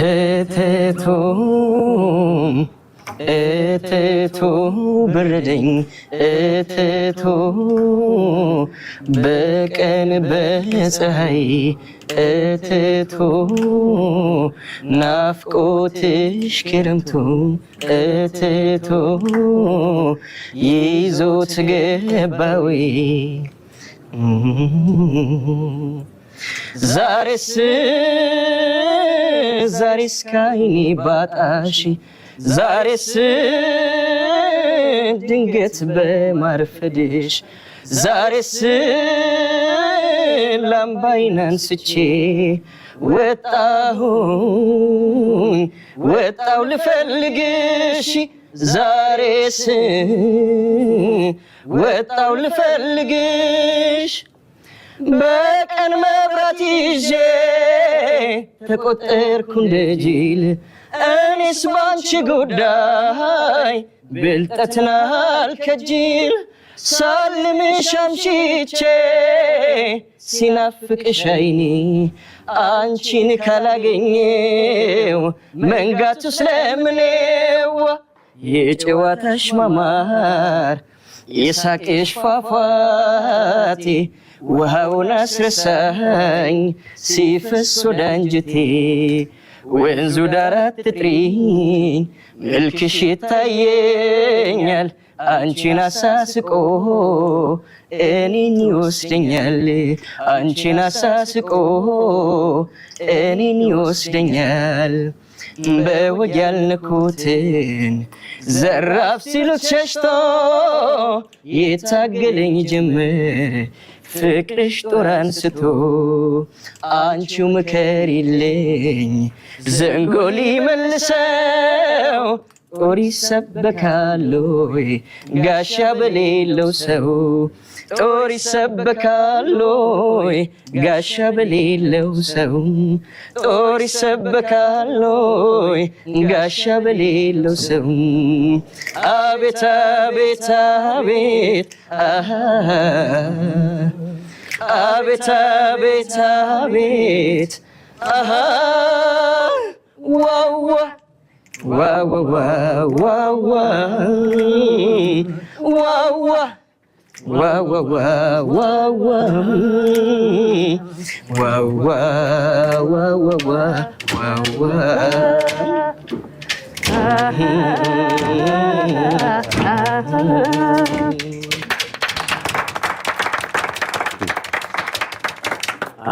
እቴቱ እቴቱ ብርደኝ እቴቱ በቀን በፀሐይ እቴቱ ናፍቆትሽ ክረምቱ እቴቱ ይዞት ገባዊ ዛሬስ ዛሬስ ካይኔ ባጣሽ ዛሬስ ድንገት በማርፈድሽ ዛሬስ ላምባይን አንስቼ ወጣሁኝ ወጣው ልፈልግሽ ዛሬስ ወጣው ልፈልግሽ በቀን መብራት ይዤ ተቆጠርኩ እንደ ጅል። እኔስ ባንቺ ጉዳይ ብልጠትናል ከጅል ሳልምሽ አምሽቼ ሲናፍቅሽ አይኔ አንቺን ካላገኘው መንጋቱ ስለምኔው የጨዋታሽ ማማር የሳቅሽ ፏፏቴ ውሃውን አስረሳኝ ሲፈስ ወደ አንጀቴ ወንዙ ዳራ አትጥሪኝ መልክሽ ይታየኛል አንቺን አሳስቆ እኔን ይወስደኛል አንቺን አሳስቆ እኔን ይወስደኛል በወግ ያልንኩትን ዘራፍ ሲሉት ሸሽቶ የታገለኝ ጀምር ፍቅርሽ ጦር አንስቶ አንቺው ምከሪልኝ ዘንጎ ሊመልሰው ጦር ይሰበካል ወይ ጋሻ በሌለው ሰው ጦር ይሰበካል ወይ ጋሻ በሌለው ሰው ጦር ይሰበካል ወይ ጋሻ በሌለው ሰው አቤት አቤት አቤት አቤት አቤት አቤት ዋዋ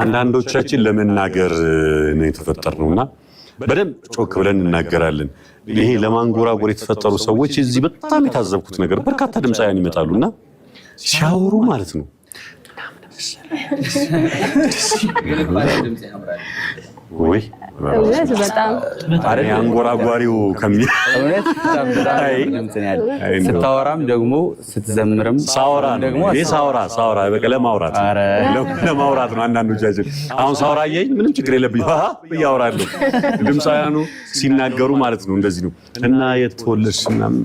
አንዳንዶቻችን ለመናገር ነው የተፈጠርነውና በደንብ ጮክ ብለን እናገራለን። ይሄ ለማንጎራጎር የተፈጠሩ ሰዎች እዚህ በጣም የታዘብኩት ነገር በርካታ ድምፃውያን እና ሲያወሩ ማለት ነው ወይ አንጎራጓሪው ስታወራም ደግሞ ስትዘምርም ሳውራ ደግሞ ሳውራ ሳውራ በቃ ለማውራት ለማውራት ነው። አንዳንዶቻችን አሁን ሳውራ እያየኝ ምንም ችግር የለብኝ እያወራለሁ። ድምፃውያኑ ሲናገሩ ማለት ነው እንደዚህ ነው እና የተወለድሽ ምናምን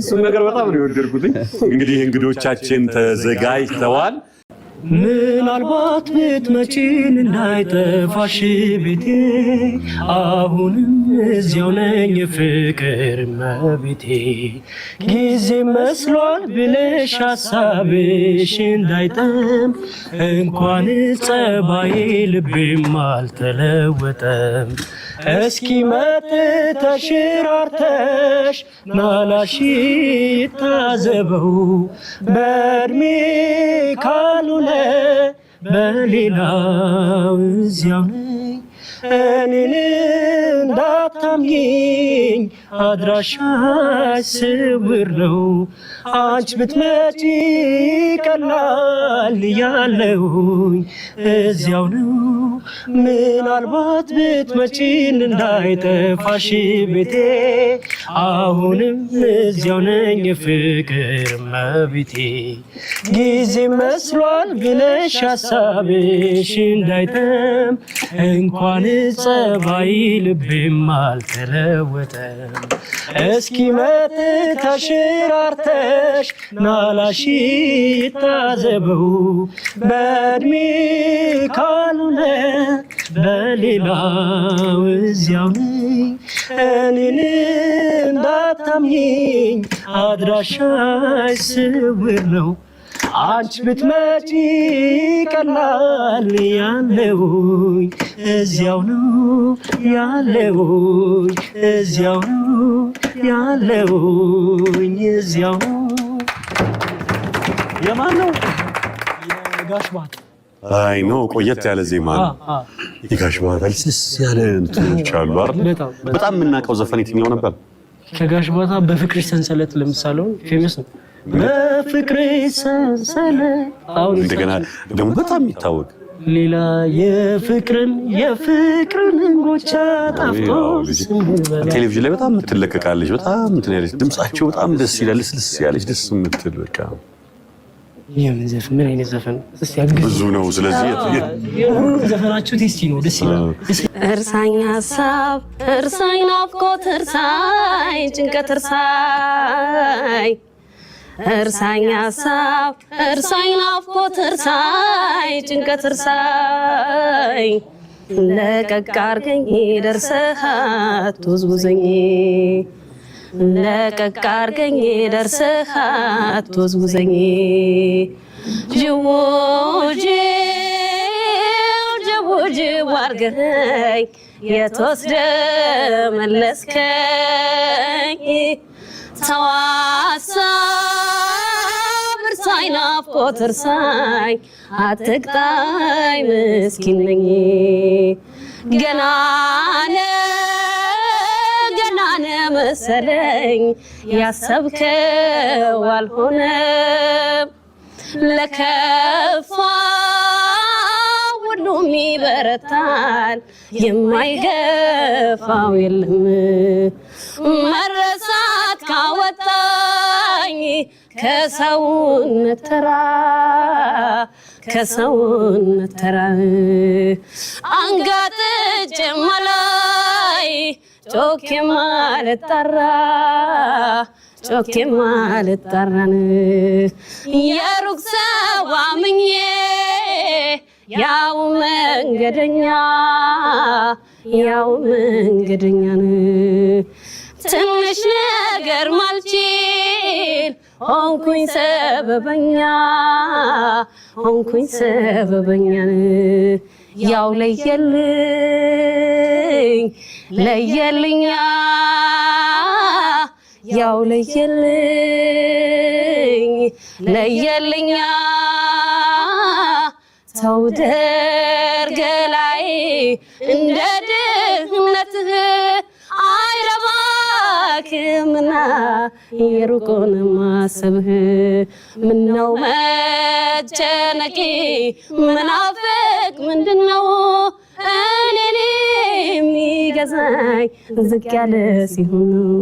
እሱን ነገር በጣም ነው የወደድኩት። እንግዲህ እንግዶቻችን ተዘጋጅተዋል። ምናልባት ብትመጪን እንዳይጠፋሽ ቤቴ አሁንም እዚያው ነኝ ፍቅር መቤቴ ጊዜ መስሏል ብለሽ ሀሳብሽ እንዳይጠም እንኳን ጸባዬ ልቤም አልተለወጠም። እስኪ መጥተሽ ራርተሽ ናላሽ ይታዘበው በእድሜ ሌላው እዚያው ነኝ እኔን እንዳታምኝ አድራሻሽ ስውር ነው። አንቺ ብትመጪ ቀላል ያለሁኝ እዚያው ነው። ምናልባት ብትመጪን እንዳይጠፋሽ ቤቴ አሁንም እዚያው ነኝ የፍቅር መቤቴ ጊዜ መስሏል ብለሽ ሀሳብሽ እንዳይተም እንኳን ጸባይ ልቤም አልተለወጠም። እስኪመጥ ተሽራርተሽ ናላሽ ታዘበው በእድሜ ካልሆነ በሌላው እዚያው እኔን እንዳታምኝ አድራሻሽ ስውር ነው። አንቺ ብትመጪ ቀላል ያለውኝ እዚያው ነው ያለውኝ እዚያው ነው ያለውኝ እዚያው ነው። የማን ነው? የጋሽ ባህታ አይ ኖ ቆየት ያለ ዜማ ነው። የጋሽ ባህታ አልስስ ያለ እንትኖች አሉ አይደል? በጣም የምናውቀው ዘፈን የትኛው ነበር? ከጋሽ ባህታ በፍቅር ሰንሰለት ለምሳሌው ፌመስ ነው። በፍቅሬ ሰንሰለት አሁን እንደገና ደግሞ በጣም የሚታወቅ ሌላ የፍቅርን የፍቅርን እንጎቻ ጣፍቶ ቴሌቪዥን ላይ በጣም የምትለቀቃለች። በጣም እንትን ያለች ድምጻቸው በጣም ደስ ይላል። ልስልስ ያለች ደስ የምትል በቃ ብዙ ነው። ስለዚህ ዘፈናችሁ ቴስቲ ነው፣ ደስ ይላል። እርሳኝ ሀሳብ፣ እርሳኝ ናፍቆት፣ እርሳኝ ጭንቀት፣ እርሳኝ እርሳኝ ሀሳብ እርሳኝ ናፍቆት እርሳኝ ጭንቀት እርሳኝ ለቀቅ አድርገኝ ደርሰሃት ትወዝውዘኝ ለቀቅ አድርገኝ ደርሰሃት ትወዝውዘኝ ጅዎ ጅው አድርገኝ መለስከኝ ተዋሳ አትቅጣይ ናፍቆት እርሳኝ አትቅጣይ ምስኪን ነኝ ገናነ ገናነ መሰለኝ ያሰብከው አልሆነም ለከፋ ሁሉም ይበረታል የማይገፋው የለም መረሰ ከሰውነት ተራ ከሰውነት ተራ አንጋጥጬማ ላይ ጮኬማ ልጠራ ጮኬማ ልጠራን የሩቅ ሰው አምኜ ያው መንገደኛ ያው መንገደኛን ትንሽ ነገር ማልቼ ሆንኩኝ ሰበበኛ ሆንኩኝ ሰበበኛ ያው ለየልኝ ለየልኛ ያው ለየልኝ ለየልኛ ተውደር ገላይ እንደ ድህነትህ አይረባክምና የሩቁን ማሰብህ ምነው መጨነቂ ምናፍቅ ነው እኔን የሚገዛኝ ዝቅ ያለ ሲሆን